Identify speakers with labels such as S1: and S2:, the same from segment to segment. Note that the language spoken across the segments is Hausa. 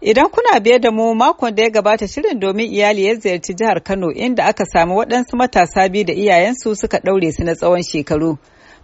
S1: Idan kuna biye da mu makon da ya gabata shirin domin iyali ya ziyarci jihar Kano inda aka samu waɗansu matasa biyu da iyayensu suka ɗaure su na tsawon shekaru.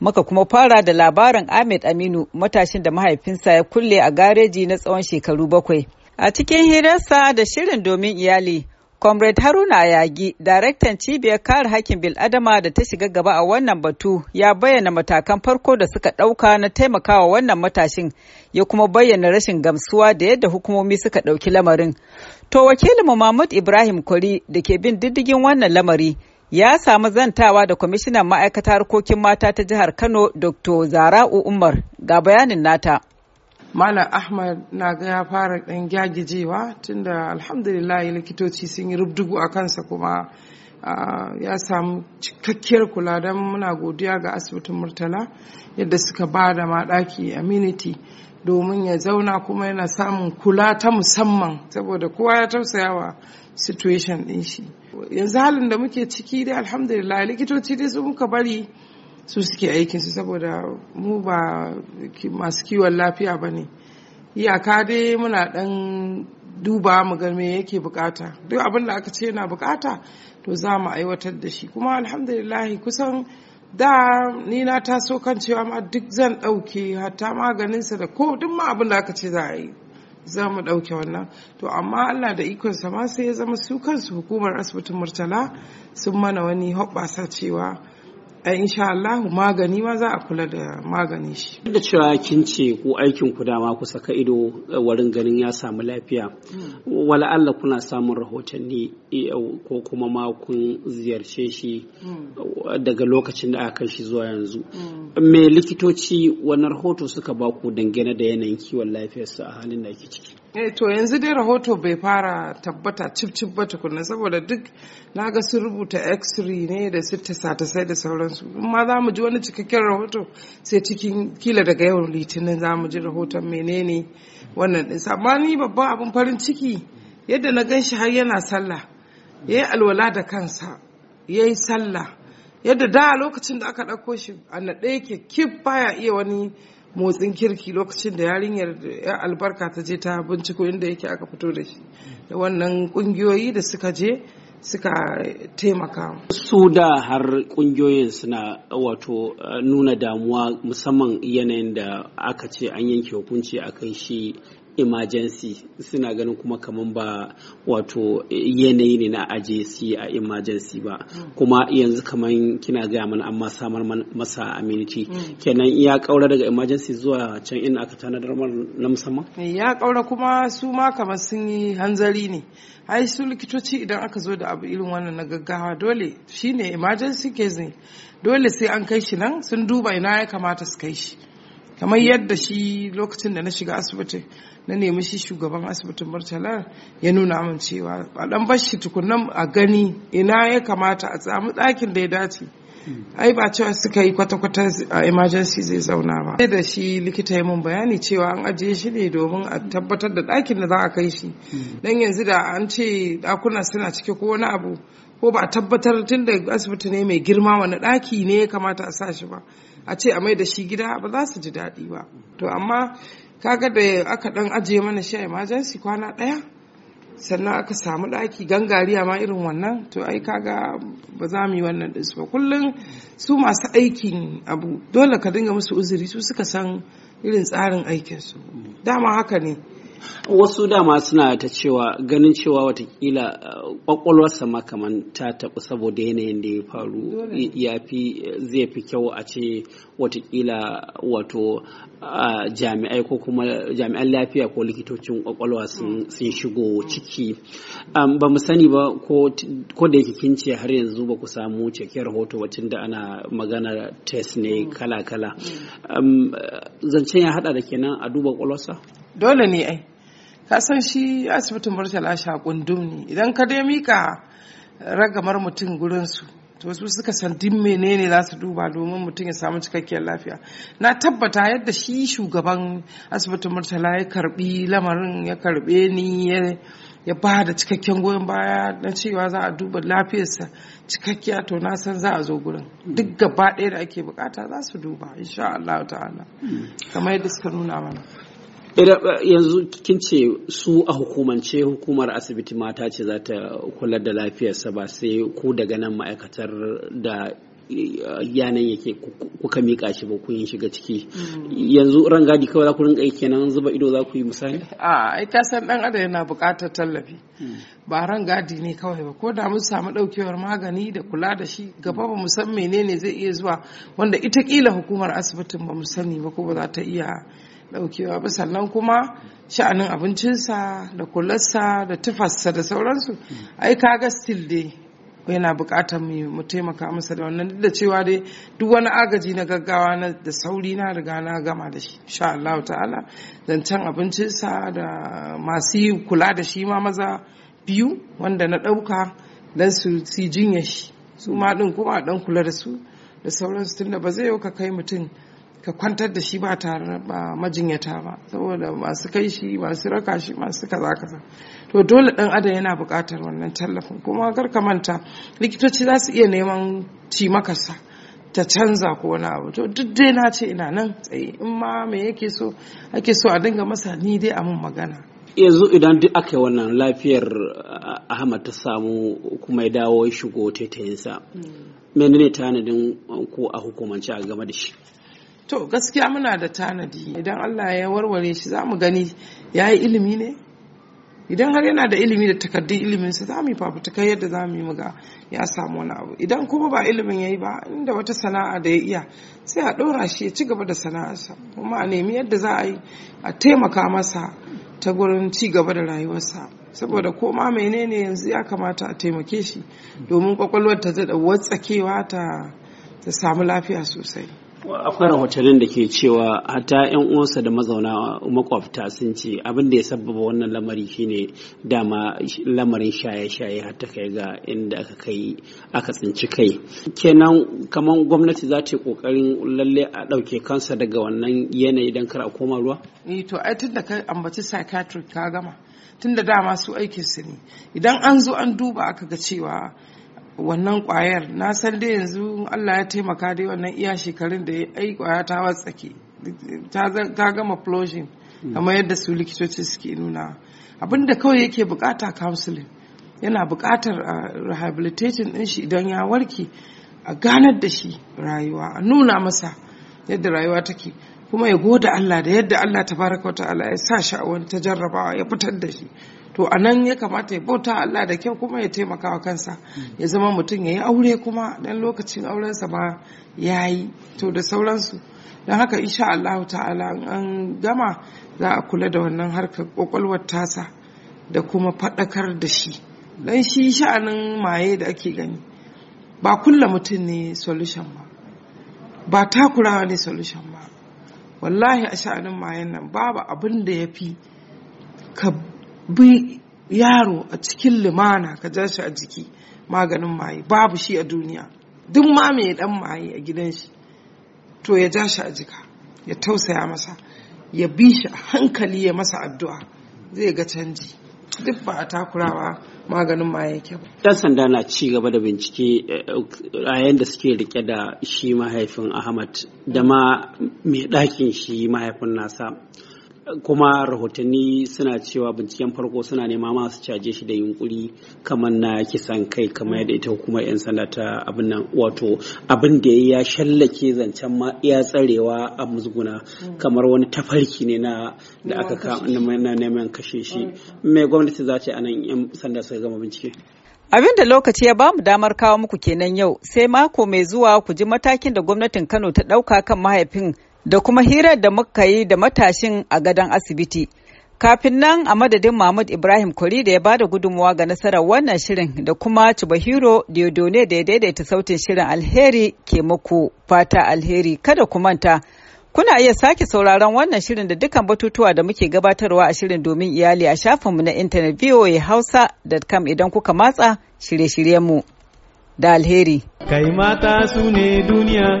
S1: maka kuma fara da labarin Ahmed Aminu matashin da mahaifinsa ya kulle a gareji na tsawon shekaru bakwai. A cikin hirarsa da shirin domin iyali, Comrade Haruna Yagi, daraktan cibiyar kare hakkin bil'adama da ta shiga gaba a wannan batu ya bayyana matakan farko da suka ɗauka na taimakawa wannan matashin ya kuma bayyana rashin gamsuwa da yadda hukumomi suka ɗauki lamarin. To Wakilin Mahmud Ibrahim Kwari da ke bin diddigin wannan lamari ya samu zantawa da kwamishinan ma'aikatar harkokin mata ta jihar Kano Dr.
S2: Zara'u Umar ga bayanin nata. Malam Ahmad na ga ya fara ɗan gyagijewa tunda alhamdulillah likitoci sun yi rubdugu a kansa kuma ya samu cikakkiyar kula don muna godiya ga asibitin Murtala yadda suka ba da maɗaki aminiti domin ya zauna kuma yana samun kula ta musamman saboda kowa ya tausaya wa situation ɗin shi. Yanzu halin da muke ciki dai alhamdulillah likitoci dai su muka bari su suke aikinsu saboda mu ba masu kiwon lafiya ba ne iyaka dai muna dan duba mu ga me yake bukata duk abin da aka ce yana bukata to za mu aiwatar da shi kuma alhamdulillah kusan da ni na taso kan cewa ma duk zan dauke hatta maganinsa da ko duk ma abin da aka ce za a yi za mu dauke wannan to amma allah da ikonsa ma sai ya zama su kansu hukumar asibitin murtala sun mana wani hoɓɓasa cewa Eh, insha Allah magani ma za a kula da magani shi
S3: duk da cewa kin ce ku aikin ku dama ku saka ido eh, warin ganin ya samu lafiya hmm. wala Allah kuna samun rahotanni eh, ko kuma ma kun ziyarce shi hmm. daga lokacin da aka shi zuwa yanzu hmm. me likitoci wani rahoto suka ba ku dangane da yanayin kiwon lafiyarsa a halin da ake ciki
S2: eh to yanzu dai rahoto bai fara tabbata cibcib ba tukunna saboda duk na ga sun rubuta x-ray ne da su tasa-tasai da sauransu ma za mu ji wani cikakken rahoto sai cikin kila daga yau litinin za mu ji rahoton menene wannan din sabani babban abin farin ciki yadda na gan shi har yana sallah yayi alwala da kansa yayi sallah yadda da lokacin da aka ɗauko shi a naɗe yake kif baya iya wani motsin kirki lokacin da yarinyar ya albarka ta je ta binciko inda yake aka fito da shi da wannan kungiyoyi da suka je suka
S3: taimaka su da har kungiyoyin suna wato nuna damuwa musamman yanayin da aka ce an yanke hukunci a kai shi emergency suna ganin kuma kamar ba wato yanayi ne na aje su a emergency ba mm. kuma yanzu kamar kina gaya mana amma samar masa aminci mm. kenan ya kaura daga emergency zuwa can ina aka tanadar na musamman
S2: eh, ya kaura kuma su ma kamar sun yi hanzari ne ai su likitoci idan aka zo da abu irin wannan na gaggawa dole shine emergency case ne dole sai an kai shi nan sun duba ina ya kamata su kai shi kamar yadda shi lokacin da na shiga asibiti na nemi shi shugaban asibitin murtala ya nuna min cewa a dan bar shi tukunan a gani ina ya kamata a samu ɗakin da ya dace hmm. ai ba cewa suka yi kwata-kwata a emergency zai zauna ba sai da shi likita ya mun bayani cewa an ajiye shi ne domin a tabbatar da ɗakin da za a kai shi hmm. dan yanzu da an ce ɗakuna suna cike ko wani abu ko ba a tabbatar tun da asibiti ne mai girma wani ɗaki ne ya kamata a sa shi ba a ce a mai da shi gida ba za su ji daɗi ba to amma kaga da aka ɗan ajiye mana shi a emergency kwana ɗaya sannan aka samu ɗaki gangariya ma irin wannan to ai kaga ba za mu yi wannan ɗinsu ba kullum su masu aikin abu dole ka dinga musu uzuri su suka san irin tsarin aikinsu dama haka ne wasu dama
S3: suna ta cewa ganin cewa watakila kwakwalwarsa uh, ma kamar ta taɓu saboda yanayin da ya faru ya fi zai fi kyau a ce watakila wato uh, jami'ai ko kuma jami'an lafiya ko likitocin kwakwalwa hmm. sun shigo ciki um, ba mu sani ba ko da yake kince har yanzu ba ku samu cikin rahoto wacin da ana magana test ne hmm. kala-kala hmm.
S2: Um, zancen ya hada da kenan a duba kwakwalwarsa dole ne ai ka san shi asibitin murtala sha kundum ne idan ka dai mika ragamar mutum gurin su to su suka san din menene za su duba domin mutum ya samu cikakkiyar lafiya na tabbata yadda shi shugaban asibitin murtala ya karbi lamarin ya karbe ni ya ba da cikakken goyon baya na cewa za a duba lafiyarsa cikakkiya to na san za a zo gurin duk gaba ɗaya da ake bukata za su duba insha Allah ta'ala hmm. kamar yadda suka nuna mana
S3: yanzu kin ce su a hukumance hukumar asibiti mata ce za ta kula da lafiyarsa ba sai ku daga nan ma'aikatar da eh, yanan yake kuka mika shi ba ku yin shiga ciki mm. yanzu rangadi kawai za ku rinka yi kenan zuba ido za ku yi misali
S2: a ai ka san dan adam yana buƙatar tallafi mm. ba rangadi ne kawai ba ko da mun samu daukewar magani da kula da shi gaba ba mu san menene zai iya zuwa wanda ita kila hukumar asibitin ba mu sani ba ko ba za ta iya daukewa ba sannan kuma sha'anin abincinsa da kularsa da tufasa da sauransu ai kaga still dai yana bukatar mu taimaka masa da wannan da cewa dai duk wani agaji na gaggawa na da sauri na riga na gama da shi insha Allah ta'ala zancen abincinsa da masu kula da shi ma maza biyu wanda na ɗauka dan su si jinya shi su ma ɗin kuma dan kula da su da sauransu tunda ba zai yau ka kai mutum ka kwantar da shi ba tare ba majinyata ba saboda masu kai shi masu raka shi masu kaza kaza to dole dan adam yana buƙatar wannan tallafin kuma kar ka manta likitoci za su iya neman ci makasa ta canza ko wani abu to duk dai na ce ina nan tsaye in ma me yake so ake so a dinga masa ni dai a mun magana
S3: yanzu idan duk aka yi wannan lafiyar ah, ahmad ta samu kuma ya dawo ya shigo taitayinsa hmm. menene tanadin ko a hukumance a game da shi To gaskiya
S2: muna da tanadi idan Allah ya warware shi za mu gani ya yi ilimi ne? Idan har yana da ilimi da takardun iliminsa za mu yi fafutukar yadda za mu yi muga ya samu wani abu. Idan kuma ba ilimin ya yi ba inda wata sana'a da ya iya sai a ɗora shi ya ci gaba da sana'a sa kuma a nemi yadda za a yi a taimaka masa ta gurin ci gaba da rayuwarsa saboda ko ma menene yanzu ya kamata a taimake shi domin kwakwalwar ta da watsakewa ta samu lafiya sosai.
S3: akwai rahotannin da ke cewa hata 'yan uwansa da mazauna makwabta sun ce abin da ya sabbaba wannan lamari shine dama lamarin shaye-shaye har ta kai ga inda aka kai aka
S2: tsinci kai
S3: kenan kamar gwamnati za ta yi kokarin lalle a ɗauke kansa daga
S2: wannan yanayi don kar a koma ruwa eh to ai tun da kai ambaci psychiatric ka gama tun da dama su aikin su ne idan an zo an duba aka ga cewa wannan kwayar na san dai yanzu Allah ya taimaka dai wannan iya shekarun da ai kwaya ta watsake ta gama flushing hmm. kamar yadda su likitoci suke nuna abinda kawai yake bukata counseling yana bukatar rehabilitation din shi idan ya warke a ganar da shi rayuwa a nuna masa yadda rayuwa take kuma ya gode Allah da yadda Allah ta baraka wa ta'ala ya sa shi a wani jarrabawa ya fitar da shi to a nan ya kamata ya bauta Allah da kyau kuma ya taimaka wa kansa ya zama mutum ya yi aure kuma dan lokacin aurensa ma ya yi to da sauransu don haka insha Allah ta'ala an gama za a kula da wannan harkar kwakwalwar tasa da kuma faɗakar da shi dan shi sha'anin maye da ake gani ba kulla mutum ne solution ba ba takurawa ne solution ba wallahi a sha'anin mayan nan babu abin da ya fi ka bi yaro a cikin limana ka ja shi a jiki maganin maye babu shi a duniya duk ma mai dan maye a gidan shi to ya ja shi a jika ya tausaya masa ya bi shi a hankali ya masa addu'a zai ga canji duk ba a takurawa maganin maye yake ba.
S3: ɗan sanda na ci gaba da bincike eh, a da suke rike da shi mahaifin Ahmad da ma mai ɗakin shi mahaifin nasa. kuma rahotanni suna cewa binciken farko suna nema masu caje shi da yunkuri kamar na kisan kai kamar yadda ita hukumar 'yan sanda ta abin nan wato abin da ya shallake zancen ma ya tsarewa a musguna kamar wani tafarki ne na da aka na neman kashe shi
S1: mai mm. gwamnati za ce anan 'yan sanda suka gama bincike Abin da lokaci ya bamu damar kawo muku kenan yau sai mako mai zuwa ku ji matakin da gwamnatin Kano ta ɗauka kan mahaifin da kuma hirar da muka yi da matashin a gadon asibiti. Kafin nan a madadin Mahmud Ibrahim Kori da ya bada gudunmawa ga nasarar wannan shirin da kuma ya Diodone da ya daidaita sautin shirin alheri ke muku fata alheri kada ku manta. Kuna iya sake sauraron wannan shirin da dukkan batutuwa da muke gabatarwa a shirin domin iyali a shafinmu na intanet voahausa.com idan kuka matsa shirye-shiryenmu da alheri. Kai mata su ne duniya